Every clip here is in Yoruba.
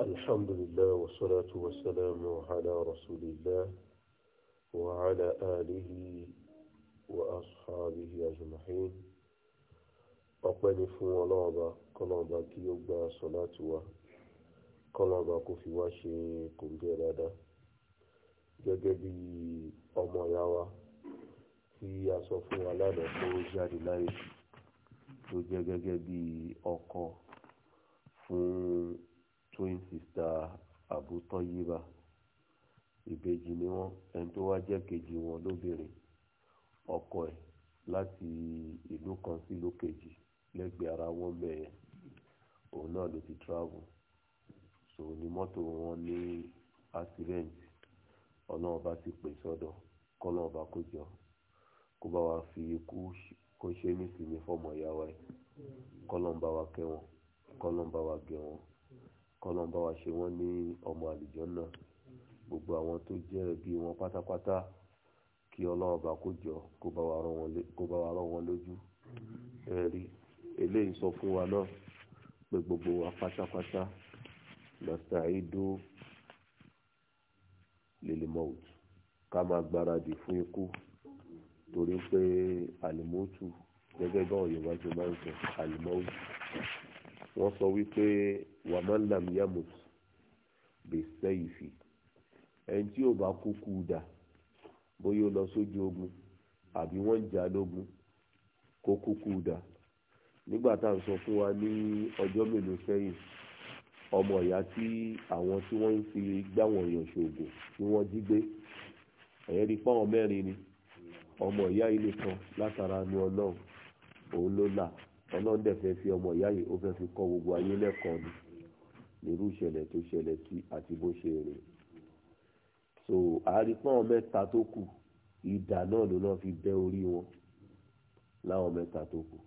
الحمد لله والصلاة والسلام على رسول الله وعلى آله وأصحابه أجمعين ọpẹ́ ni fún ọlọ́ọ̀ba kọlọ́ọ̀ba kí ó gba sọ́láàtì wa kọlọ́ọ̀ba kò fi wá ṣe kòǹgẹ́ dáadáa gẹ́gẹ́ bí ọmọ ìyá wa tí a sọ fún wa lánàá kó jáde láyé tó jẹ́ gẹ́gẹ́ bí ọkọ fún twin sister Abu Tọ́yíba ìbejì ni wọ́n ẹni tó wá jẹ́ kejì wọn lóbìnrin ọkọ ẹ̀ láti ìlú kan sí ìlú kejì lẹ́gbẹ̀ẹ́ ara wọn bẹ́ẹ̀ òun náà ló ti travel so ni mọ́tò wọn ní accident ọlọ́run bá ti pè sọ́dọ̀ kọ́lọ́run bá kó jọ kó bá wa fi ikú kó ṣe nísìnyí fọmọ ìyá wa yìí kọ́lọ́run bá wa kẹ́ wọn kọ́lọ́run bá wa gẹ̀ wọn kọ́lọ́n bá wa ṣe wọ́n ní ọmọ àlùjànnà gbogbo àwọn tó jẹ́ ẹbí wọn pátápátá kí ọlọ́run bá kó jọ kó bá wa rán wọn lójú ẹ̀rí eléyìí sọ fún wa náà pé gbogbo wa pátápátá nastaidu lilimout ká máa gbáradì fún ikú torí pé àlìmọ́tù gẹ́gẹ́ bá òyìnbá ṣe máa ń sọ àlìmọ́tù wọ́n sọ wípé wàmọ́ lam yamut bẹ̀sẹ̀ ìfì ẹni tí ò bá kúkú dà bóyá ó lọ sójú ogun àbí wọ́n ń jà lógun kó kúkú dà nígbà tá à ń sọ fún wa ní ọjọ́ mélòó sẹ́yìn ọmọ ìyá tí àwọn tí wọ́n ń fi gbá wọn yàn ṣoògùn tí wọ́n jí gbé ẹ̀yẹ́ rí pọ́n mẹ́rin ni ọmọ ìyá ilé kan látara nu ọlọ́run òun ló là ọlọ́run dẹ̀ fẹ́ fi ọmọ ìyá yìí ó fẹ́ fi kọ́ gbogbo ayé lẹ́kọ̀ọ́ ni nírú ìṣẹ̀lẹ̀ tó ṣẹlẹ̀ sí àti bó ṣe rìn so àárípọ̀n mẹ́ta tó kù ìdà náà ló náà fi bẹ́ orí wọn láwọn mẹ́ta tó kù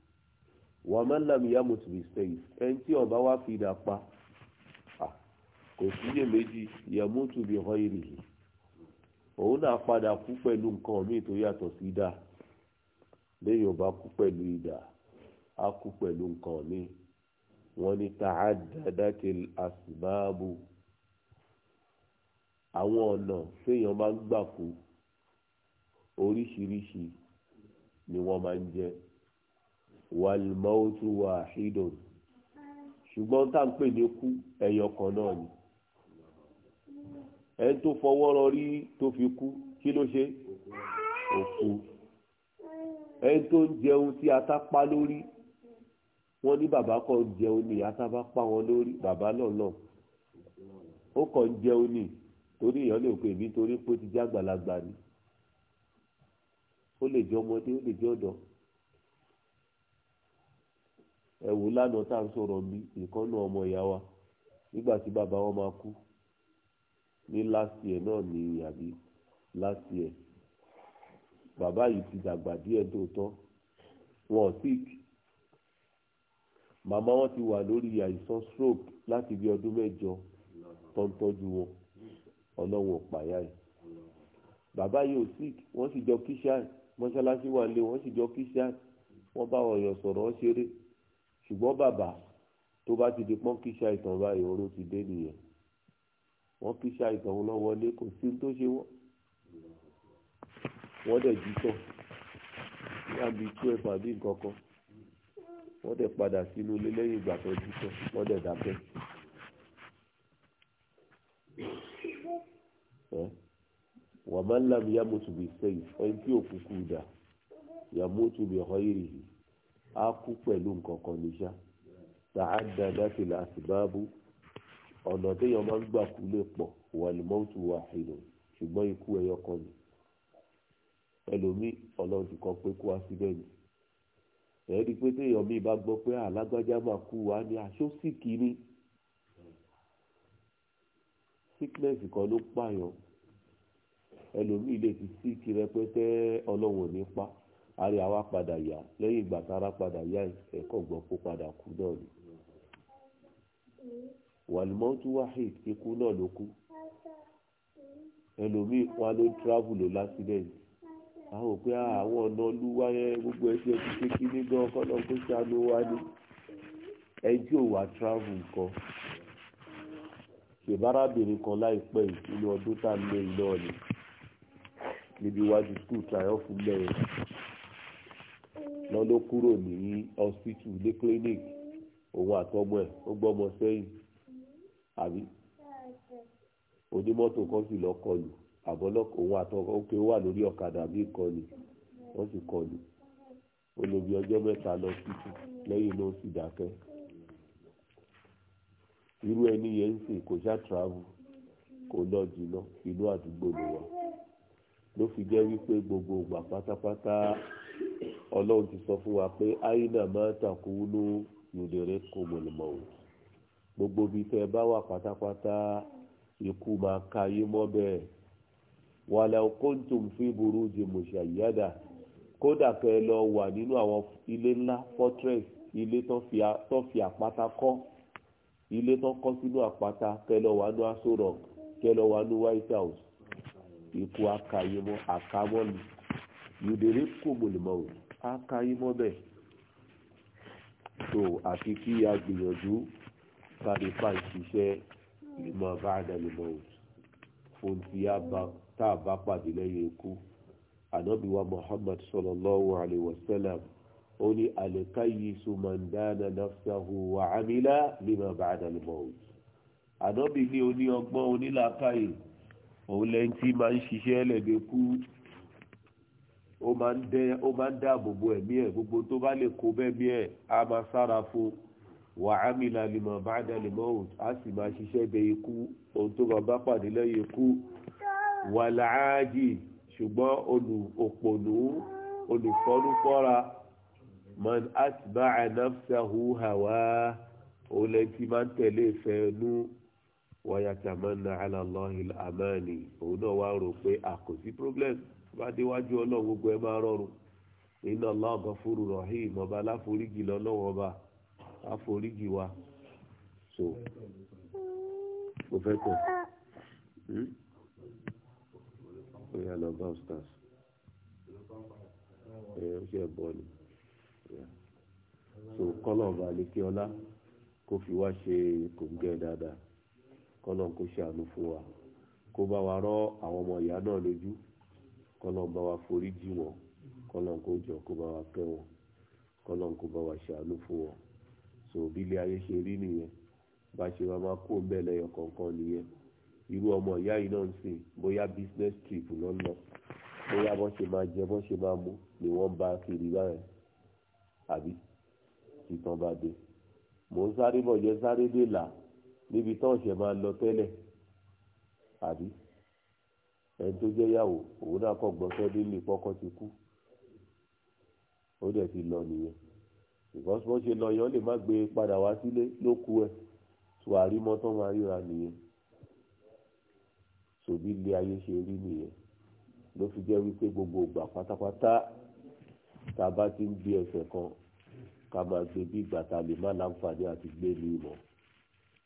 wọ́n máa ń làmì yá mọ̀tò bí sẹ́yìn ẹni tí ọba wá fi dà pa kò síyè méjì yẹmútù bí ọ̀hán ìrìlì òun náà padà kú pẹ̀lú nǹkan míì tó yàtọ̀ sí ìdà lẹ́yìn ọba kú pẹ̀lú ìdà á kú pẹ̀lú nǹkan míì wọ́n ní ta'addadatil asbabu àwọn ọ̀nà téèyàn máa ń gbà kú oríṣiríṣi ni wọ́n máa ń jẹ́ walmautu wahidun ṣùgbọ́n tá à pè ní kú ẹyọ kan náà ni ẹni tó fọwọ́ rọrí tó fi kú kí ló ṣe òkú ẹni tó ń jẹun tí ata pa lórí wọ́n ní bàbá kan jẹun ní ìyá sábà pa wọn lórí bàbá lọ́nà ó kàn jẹun ní torí èèyàn lè pè mí torí pé ó ti jẹ́ àgbàlagbà ni ó lè jẹ́ ọmọdé ó lè jẹ́ ọ̀dọ́ ẹ̀wù lánàá tá à ń sọ̀rọ̀ bí ìkànnà ọmọ ìyá wa nígbà tí bàbá wọn máa kú ní last year náà ní àbí last year baba yìí ti dàgbà díẹ̀ tó tọ́ wọn ò tíì kí màmá wọn ti wà lórí àìsàn stroke láti bí ọdún mẹ́jọ tó ń tọ́jú wọn ọlọ́run ọ̀pàyà ẹ̀ bàbá yìí ò sick wọ́n sì jọ kíṣàn mọ́ṣáláṣí wà lé wọ́n sì jọ kíṣàn wọ́n bá wọn yàn sọ̀rọ̀ ọ́ ṣeré ṣùgbọ́n bàbá tó bá ti di pọ́n kíṣà ìtàn báyìí oró ti dé nìyẹn wọ́n kíṣà ìtàn wọn lọ wọlé kò sí tó ṣe wọ́n wọ́n dẹ̀ jí tọ̀ ní àbí twelve àbí nǹkan kan wọ́n dẹ̀ padà sínú ilé lẹ́yìn ìgbà tó dúpẹ́ wọ́n dẹ̀ dákẹ́. wà má lam yamutu bi sẹ́yìn ẹni tí ò kúkú dà yamutu bi ọ̀họ́yìrì yìí á kú pẹ̀lú nǹkan kan níṣá tààdàdà ti là síbáàbù ọ̀nà téèyàn máa ń gbà kú lè pọ̀ wà ní mọ́tò wà hìnà ṣùgbọ́n ikú ẹyọ kan ni ẹlòmíì ọlọ́run ti kọ pé kú accident ẹ̀rí pé téèyàn mi bá gbọ́ pé alágbájá máa kú wa ni aṣọ sì kiri sickness kan ló pààyàn ẹlòmíì lè ti sick rẹpẹtẹ ọlọ́run ò ní pa àárẹ̀ àwa padà yá lẹ́yìn ìgbà tára padà yá ẹ̀kọ́ gbọ́ kó padà kú náà ni wàlúmọ́tú wahid ikú náà ló kú ẹlòmíì wa ló travel lọ lásìdẹ́ǹtì a ò pé àwọn ọ̀nà olúwayẹ gbogbo ẹsẹ̀ ti ṣe kí nínú ọkọ náà kó ṣàánú wa ni ẹjọ́ òwà travel nǹkan ṣèbárábìnrin kan láìpẹ́ yìí nínú ọdún tá a lé iná ni níbi iwájú school triumph lẹ́yìn lọ́nà kúrò ní hospital ní clinic òun àtọmọ ẹ̀ ó gbọ́mọ sẹ́yìn àbí onímọ́tò kan sì lọ́ọ́ kọlù àbọ̀lọ́kọ̀ òun àtọkọ ó pé ó wà lórí ọ̀kadà bí ìkọlù wọ́n sì kọlù ó lò bí ọjọ́ mẹ́ta lọ títí lẹ́yìn náà ó sì dákẹ́ irú ẹni yẹn ń sè kò ṣá travel kò lọ jìnnà inú àdúgbò ló wà ló fi jẹ́ wípé gbogbo ìgbà pátápátá ọlọ́run ti sọ fún wa pé aina máa takunu yòlẹ̀rẹ́ kò mọ̀lẹ́mọ̀ o gbogbo ibi tẹ́ ẹ bá wà pátápátá ikú máa ka yín mọ́ bẹ́ẹ̀ wàlẹ̀ kóńtùm fi burújì mùsàyẹ́dà kódà kẹ́ ẹ lọ wà nínú àwọn ilé ńlá fortress ilé tó fi àpáta kọ́ ilé tó kọ́ sínú àpáta kẹ́ ẹ lọ wà ní aṣọ rock kẹ́ lọ wà ní white house ikú akayimọ́ akamọ́lu yòdèrè kòmòlùmọ́ o akayimọ́ bẹ́ẹ̀ so àfi kí a gbìyànjú kárí fáìsì iṣẹ́ lè máa bá àdàlùmọ́ o fún ti tá a bá pàdé lẹ́yìn ikú ànábì wa muhammad sallallahu alayhi wa sallam ó ní alikayisu mandana nafsahu wa amila lima ba'da al-maut ànábì ní oní ọgbọ́n onílàákàyè òun lẹ́yìn tí máa ń ṣiṣẹ́ lẹ́dẹ̀kú ó máa ń dẹ ó máa ń dáàbò bo ẹ̀mí ẹ̀ gbogbo tó bá lè kó bẹ́ẹ̀ bí ẹ̀ á máa sára fún wà á mìlá lèmọ̀ bá dá lèmọ̀ òun á sì máa ṣiṣẹ́ bẹ ikú ohun tó máa bá pàdé lẹ́yìn ikú wàláájì ṣùgbọ́n olùpòlú olùfọ́nufọ́ra man atba nafsahu hawa olè tí máa ń tẹ̀lé ìfẹ́nu wayatamanna ala Allahi al-amani òun náà wá rò pé àkòsí problem bá déwájú ọlọ́run gbogbo ẹ máa rọrùn inna Allaha ghafurur rahim ọba aláforíjì lọ́lọ́wọ́ ọba aforíjì wa so mo fẹ́ tẹ̀. Hmm? ó yà lọ bá stars ẹ ó ṣe bọ ni so kọ́lọ̀ ọba àlekí ọlá kó fi wá ṣe kòǹgẹ́ dáadáa kọ́lọ̀ kó ṣe àánú fún wa kó bá wa rọ́ àwọn ọmọ ìyá náà lójú kọ́lọ̀ bá wa forí jì wọ́n kọ́lọ̀ kó jọ kó bá wa kẹ́ wọn kọ́lọ̀ kó bá wa ṣe àánú fún wọn so bí ilé ayé ṣe rí nìyẹn bá ṣe máa kó bẹ́ẹ̀ lẹ́yọ kọ̀ọ̀kan nìyẹn irú ọmọ ìyá yìí náà ń sìn bóyá business trip ló ń lọ bóyá bọ́n ṣe máa jẹ bọ́n ṣe máa mu ni wọ́n bá kiri báyẹn àbí ìtàn bá dé mò ń sáré bọ̀ jẹ́ sáré dé là níbi tán ṣẹ̀ máa lọ tẹ́lẹ̀ àbí ẹni tó jẹ́ yàwó òun náà kọ̀ gbọ́n sọ́dé ní pọ́kọ́ ti kú ó dẹ̀ ti lọ nìyẹn because bọ́n ṣe lọ yẹn ó lè má gbé padà wá sílé ló kú ẹ̀ tó àrímọ́ tán máa ríra nìyẹn. Sobi ilé ayé ṣe rí nìyẹn ló fi jẹ́ wípé gbogbo ìgbà pátápátá tá a bá ti ń bí ẹsẹ̀ kan ká máa gbé bí ìgbà tá a lè má láǹfààní àti gbé ní ìmọ̀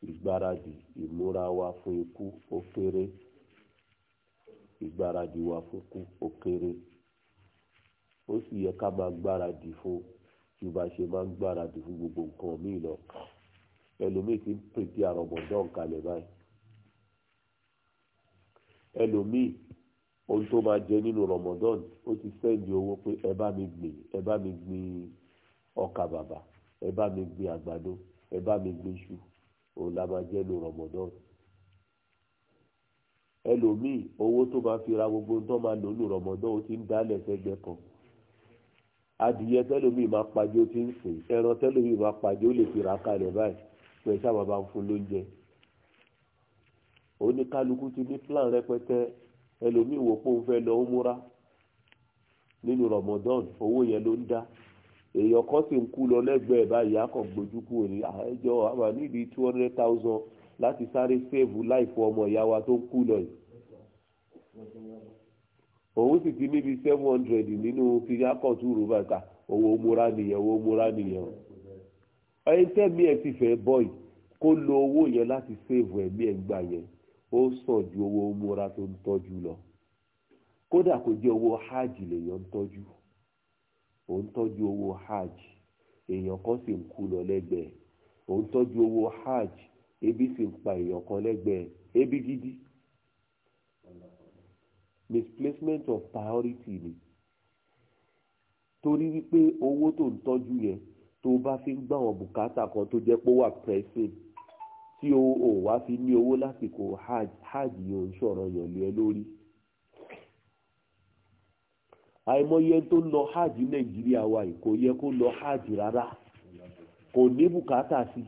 ìgbáradì ìmúra wa fún ikú ó kéré ìgbáradì wa fún ikú ó kéré ó sì yẹ ká máa gbáradì fún tí bá ṣe máa ń gbáradì fún gbogbo nǹkan míì lọ ẹlòmíì ti ń pètè àrọ̀mọ̀dán kalẹ̀ báyìí ẹlòmíì ohun tó máa jẹ nínú Ramadan ó ti sẹ́ndì owó pé ẹ bá mi gbìn ẹ bá mi gbìn ọkà bàbà ẹ bá mi gbìn àgbàdo ẹ bá mi gbìn iṣu òun la máa jẹ nínú Ramadan ẹlòmíì owó tó máa fi ra gbogbo ohun tó máa lò nínú Ramadan ó ti ń dálẹ̀ sẹ́gbẹ́ kan adìyẹ tẹlómi máa pàjẹ́ ó ti ń sìn ẹran tẹlómi máa pàjẹ́ ó lè fi rà báyìí pẹ̀lú sábà fún lóúnjẹ oníkálukú ti ní plan rẹpẹtẹ ẹlòmíì wò pé òun fẹ́ lọ ó múra nínú Ramadan owó yẹn ló ń dá èèyàn kan sì ń kú lọ lẹ́gbẹ̀ẹ́ báyìí akọ̀ gbójú kú òní àjọ àmà nídìí two hundred thousand láti sáré sèvù láìfọ ọmọ ìyá wa tó ń kú lọ yìí òun sì ti níbi seven hundred nínú kiri akọ̀tù rúbàtà owó múra nìyẹn owó múra nìyẹn ẹni tẹ́mi ẹ̀ ti fẹ́ bọ́ yìí kó lo owó yẹn láti sèvù ẹ̀mí ẹ̀ gbà yẹn ó sàn ju owó múra tó ń tọ́jú lọ kódà kò jẹ́ owó hajj lèèyàn ń tọ́jú ò ń tọ́jú owó hajj èèyàn kan sì ń kú lọ lẹ́gbẹ̀ẹ́ ò ń tọ́jú owó hajj ebi sì ń pa èèyàn kan lẹ́gbẹ̀ẹ́ ebi gidi misplacement of priority ni torí wípé owó tó ń tọ́jú yẹn tó bá fi ń gbà bùkátà kan tó jẹ́ pé ó wà pressing tí o ò wá fi ní owó lásìkò hajj yóò ń ṣọ̀rọ̀ yọ̀lẹ́ lórí àìmọye tó lọ hajj nàìjíríà wa yìí kò yẹ kó lọ hajj rárá kò ní bùkátà sí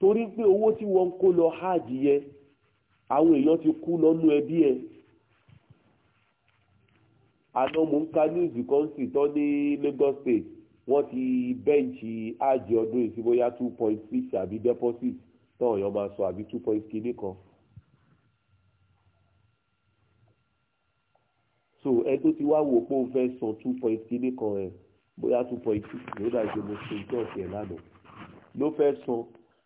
torí pé owó tí wọ́n kó lọ hajj yẹn àwọn èèyàn ti kú lọ́nú ẹbí ẹ̀ àná mò ń ka news kan sì tán ní Lagos State wọ́n ti bẹ́ǹchì ájì ọdún yìí sí bóyá two point six àbí deposit náà yọ máa sọ àbí two point kìíní kan. so ẹ tó ti wá wò pé ó fẹ́ san two point kìíní kan ẹ̀ bóyá two point six ló dà jẹ́ mo ṣe ìjọ ọ̀sẹ̀ lánàá ló fẹ́ san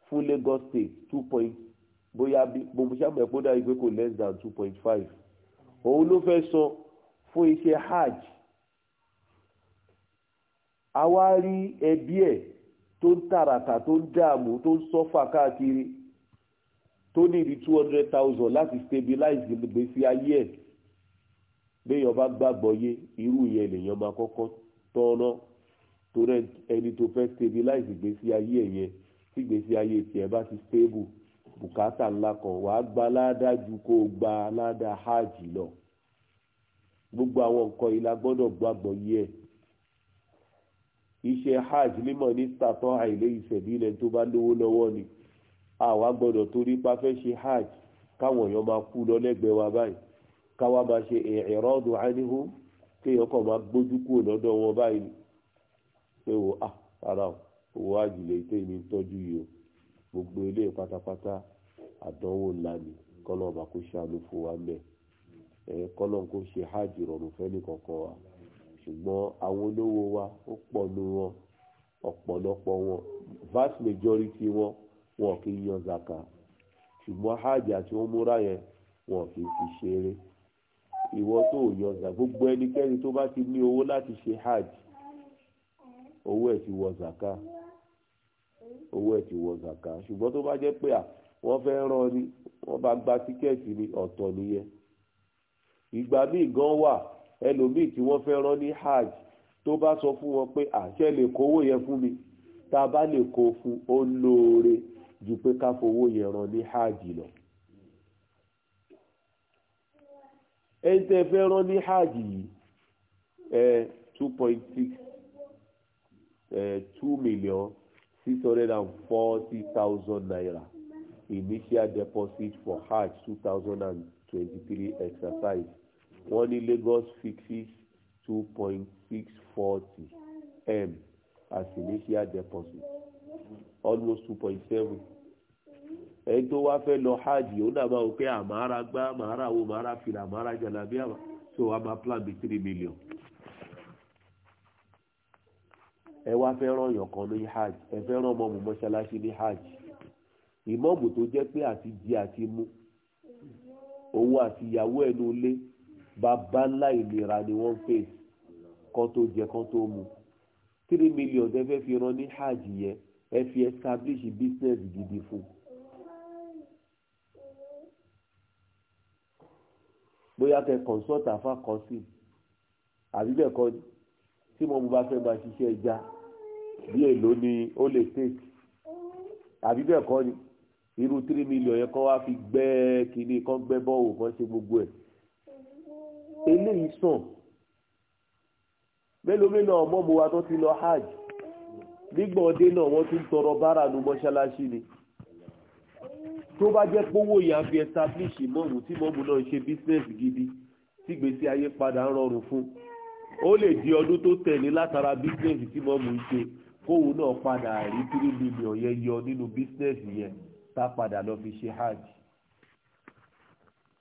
fún Lagos State two point bóyá mo ṣe àmọ̀ ẹ̀kọ́ dà yìí less than two point five òun ló fẹ́ san fún iṣẹ́ hajj a wá rí ẹbí ẹ̀ tó ń tàràkà tó ń dààmú tó ń sọ́fà káàkiri tó ní ìdí two hundred thousand láti stabilize ìgbésí ayé ẹ̀ béèyàn bá gbàgbọ́ yé irú yẹn lèèyàn máa kọ́kọ́ tọ́nà tó rẹ ẹni tó fẹ́ stabilize ìgbésí ayé ẹ̀ yẹn tí ìgbésí ayé tiẹ̀ bá ti stable bùkátà ńlá kan wàá gba ládàá ju kó o gba ládàá hajj lọ gbogbo àwọn nǹkan yìí la gbọ́dọ̀ gbàgbọ́ yé ẹ̀ iṣẹ́ hajj mímọ̀ ní sàtọ́ àìlè ìṣẹ̀bílẹ̀ tó bá lówó lọ́wọ́ ni àwa gbọ́dọ̀ torí pa fẹ́ ṣe hajj káwọn èèyàn máa kú lọ lẹ́gbẹ̀ẹ́ wa báyìí káwa máa ṣe ìrọ́dù ánihu kéèyàn kàn máa gbójú kúrò lọ́dọ̀ wọn báyìí pé wò á ara owó àjùlé tó èmi ń tọ́jú yìí o gbogbo ilé pátápátá àdánwò ńlá ni kọ́lọ́ọ̀bà kó ṣàánú fún wa mẹ́ ẹ̀ kọ́lọ́ọ̀ kó ṣe hajj rọrùn fẹ́ nìkankan wa ṣùgbọ́n àwọn olówó wa ó pọ̀ nù wọn ọ̀pọ̀lọpọ̀ wọn vast majority wọn wọn kì í yan zaka ṣùgbọ́n hajj àti umura yẹn wọn kì í fi ṣeré ìwọ tó yan zaka gbogbo ẹnikẹ́ni tó bá ti ní owó láti ṣe hajj owó ẹ̀ ti wọ zaka owó ẹ̀ ti wọ zaka ṣùgbọ́n tó bá jẹ́ pé à wọ́n fẹ́ rán ni wọ́n bá gba tíkẹ́ẹ̀tì ní ọ̀tọ̀ nìyẹn ìgbà míì gan wà ẹlòmíì tí wọ́n fẹ́ rán ní hajj tó bá sọ fún wọn pé àṣẹ lè kówó yẹn fún mi tá a bá lè kó fún ó lóore ju pé ká fowó yẹn rán ní hajj lọ. ẹni tẹ́ fẹ́ rán ní hajj yìí ẹ two point six two million six hundred and forty thousand naira initial deposit for hajj two thousand and twenty-three exercise wọ́n ní Lagos fixes two point six forty m as initial deposit almost two point seven ẹni tó wá fẹ́ lọ hajj òun náà máa wò pé àmàrà gbá àmàrà wo àmàrà fìlà àmàrà jàlábí àmà so a máa plan bí three million. ẹ wá fẹ́ ràn yàn kan ní hajj ẹ fẹ́ ràn ọmọ mọ́ṣáláṣí ní hajj ìmọ̀ọ́mù tó jẹ́ pé àti jí àti mú òun àti ìyàwó ẹnu ilé bàbá ńlá ìlera ni wọ́n fèsì kán tó jẹ kán tó mu three million tẹ́ fẹ́ fi ran ní hajj yẹn ẹ fi establish business gidi fún. bóyá kẹ consult afa kan sí àbí bẹ́ẹ̀ kọ́ tí mo bá fẹ́ máa ṣiṣẹ́ ẹja bí èlò ni ó lè take àbí bẹ́ẹ̀ kọ́ ni irú three million yẹn kán wá fi gbẹ́ kínní kán gbẹ́ bọ́ọ̀wù kán ṣe gbogbo ẹ̀ eléyìí sàn mélòó mélòó ọmọ mo wa tó ti lọ hajj nígbà ọdẹ náà wọ́n tún tọrọ bára nu mọ́ṣáláṣí ni tó bá jẹ́ pówó yà fi establish mọ́ọ̀mù tí mọ́ọ̀mù náà ṣe business gidi tí gbèsè ayé padà ń rọrùn fún ó lè di ọdún tó tẹ̀lé látara business tí mọ́ọ̀mù ń ṣe kóun náà padà rí three million yẹn yọ nínú business yẹn tá padà lọ fi ṣe hajj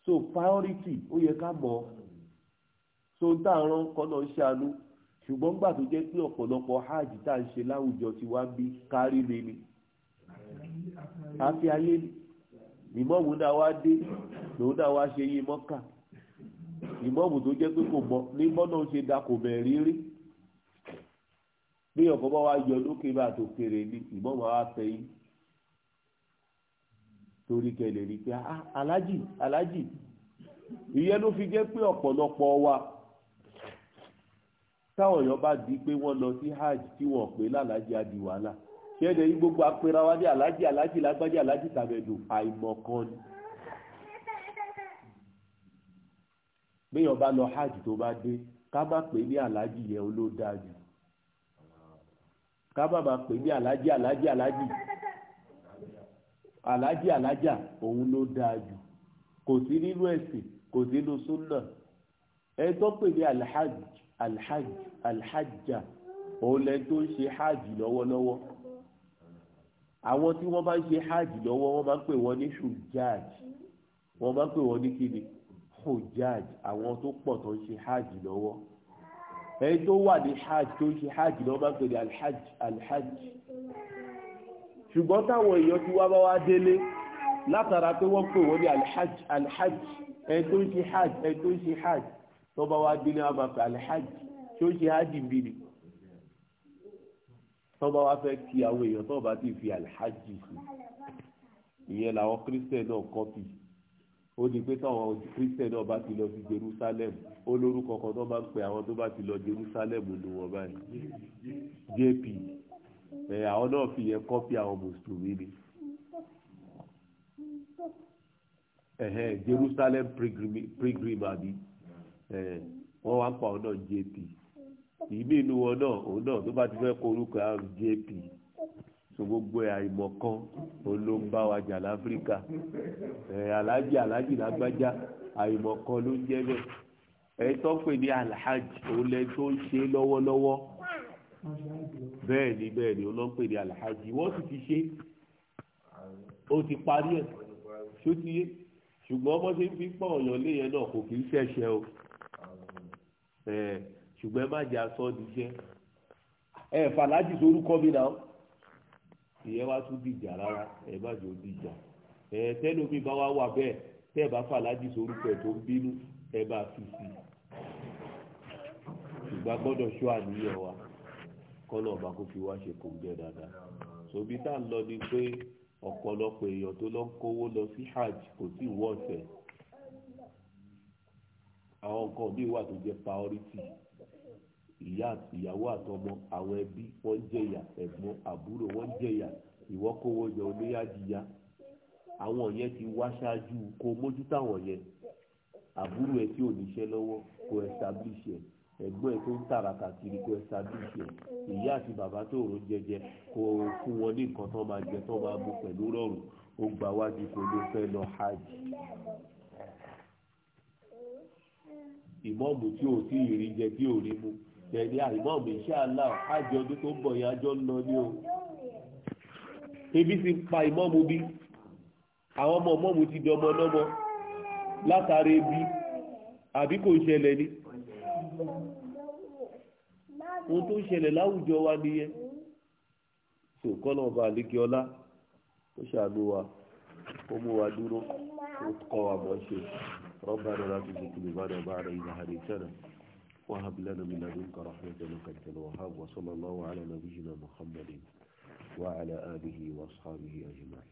so priority ó yẹ ká mọ̀ so ń nkọ rán kọ́nà ṣùgbọ́n gbà tó jẹ́ pé ọ̀pọ̀lọpọ̀ hajj tá ṣe láwùjọ ti wá bí ni àfi ayé ni ìmọ̀mù náà wá dé lòun náà wá ṣe yín mọ́kà mọ ní ṣe da kò bẹ̀ rírí bí bá wá yọ lókè ni fẹ́ yín torí kẹlẹ̀ rí pé ah, ìyẹn ló fi táwọn èèyàn bá di pé wọ́n lọ sí hajj tí wọ́n pè lálàájì á di wàhálà ṣẹ́ẹ̀dẹ̀ yìí gbogbo apẹ̀rẹ̀ wa ní alájì alájì lágbájá alájì tàbẹ̀dù àìmọ̀kan ni. béèyàn bá lọ hajj tó bá dé ká má pè ní alájì yẹn ló dáa jù ká má má pè ní alájì alájì alájì alájì alájà òun ló dáa jù kò sí nínú ẹ̀sìn kò sí nínú súnà ẹ tó pè ní alhajj alhaj alhajja òun lẹ tó ń ṣe hajj lọ́wọ́lọ́wọ́ àwọn tí wọ́n bá ń ṣe hajj lọ́wọ́ wọ́n máa ń pè wọ́n ní hujjaj wọ́n máa ń pè wọ́n ní kíni hujjaj àwọn tó pọ̀ tó ń ṣe hajj lọ́wọ́ ẹni tó wà ní hajj tó ń ṣe hajj lọ́wọ́ máa ń pè ní alhajj alhajj ṣùgbọ́n táwọn èèyàn ti wá bá wá délé látara pé wọ́n pè wọ́n ní alhajj alhajj ẹni tó ń ṣe hajj ẹni tó ń ṣe hajj tó bá wá délé wọn bá fẹ́ alihaj tí ó ṣe hajj ń bí ni tó bá wá fẹ́ kí àwọn èèyàn tó bá ti fi alihaj sí ìyẹn làwọn kírísítẹ̀ náà kọ́pì ó di pé táwọn kírísítẹ̀ náà bá ti lọ sí Jerusalem ó lórúkọ kan tó máa ń pe àwọn tó bá ti lọ Jerusalem ní wọn báyìí JP ẹ àwọn náà fi yẹn kọ́pì àwọn mùsùlùmí ni Jerusalem pilgrim àbí. Eh, wọ́n wá ń pa ọ̀nà jp ìmí inú wọn náà òun náà ló bá ti fẹ́ kó orúkọ jp so gbogbo ẹ̀ àìmọ̀ kan ló ń bá wa jà láfíríkà eh, aláàjì aláàjì lágbájá àìmọ̀ kan ló ń jẹ́ bẹ́ẹ̀ ẹ̀ tó ń pè ní alhaji òun lẹ tó ń ṣe lọ́wọ́lọ́wọ́ bẹ́ẹ̀ ni bẹ́ẹ̀ ni olóń pè ní alhaji wọ́n sì ti ṣe ó ti parí ẹ̀ ṣó ti yé ṣùgbọ́n bó ṣe ń fi pọ̀ ọ̀yàn léyẹn náà kò kì í ṣẹ̀ṣẹ̀ o. Eh, ṣùgbọ́n ẹ má jẹ́ aṣọ níṣẹ́ ẹ fàlájì sorúkọ mi náà ìyẹn wá tún dìjà rárá ẹ má jẹ́ ó dìjà ẹ tẹ́lómi bá wá wà bẹ́ẹ̀ tẹ́ ẹ bá fàlájì sorúkọ ẹ tó ń bínú ẹ bá fi sí i ṣùgbọ́n gbọ́dọ̀ ṣọ́ àníyàn wa kọ́nà ọba kó fi wá ṣe kò ń jẹ́ dáadáa ṣòbí tá à lọ ni pé ọ̀pọ̀lọpọ̀ èèyàn tó lọ kówó lọ sí hajj kò sí ìwọ́ àwọn nǹkan míì wà tó jẹ́ priority ìyá ìyàwó àtọmọ àwọn ẹbí wọ́n ń jẹ̀yà ẹ̀gbọ́n àbúrò wọ́n ń jẹ̀yà ìwọ́kówó yọ oníyàjìyà àwọn yẹn ti wá ṣáájú kó mójútó àwọn yẹn àbúrò ẹ tí ò níṣẹ́ lọ́wọ́ kó establish ẹ ẹ̀gbọ́n ẹ tó ń tàràkà kiri kó establish ẹ ìyá àti bàbá tó rò jẹjẹ kó fún wọn ní nǹkan tó máa jẹ tó máa mú pẹ̀lú rọrùn ó gbà wájú kó ló fẹ́ lọ hajj ìmọ̀ọ̀mù tí ò tí ì rí jẹ tí ò rí mu tẹ̀lé àìmọ̀ọ̀mù iṣẹ́ àlá àjọ ọdún tó ń bọ̀ yẹn àjọ ń lọ ní o. ebi ti pa ìmọ̀ọ̀mù bí àwọn ọmọ ìmọ̀ọ̀mù ti dọmọ lọ́mọ látara ebi àbí kò ṣẹlẹ̀ ni. ohun tó ń ṣẹlẹ̀ láwùjọ wa nìyẹn. sòkòlò ọba àlékè ọlá ó ṣàánú wa ó mú wa dúró ó kọ́ wa mọ́ ṣe. ربنا لا تزغ قلوبنا بعد إذ هديتنا وهب لنا من لدنك رحمة إنك أنت الوهاب وصلى الله على نبينا محمد وعلى آله وأصحابه أجمعين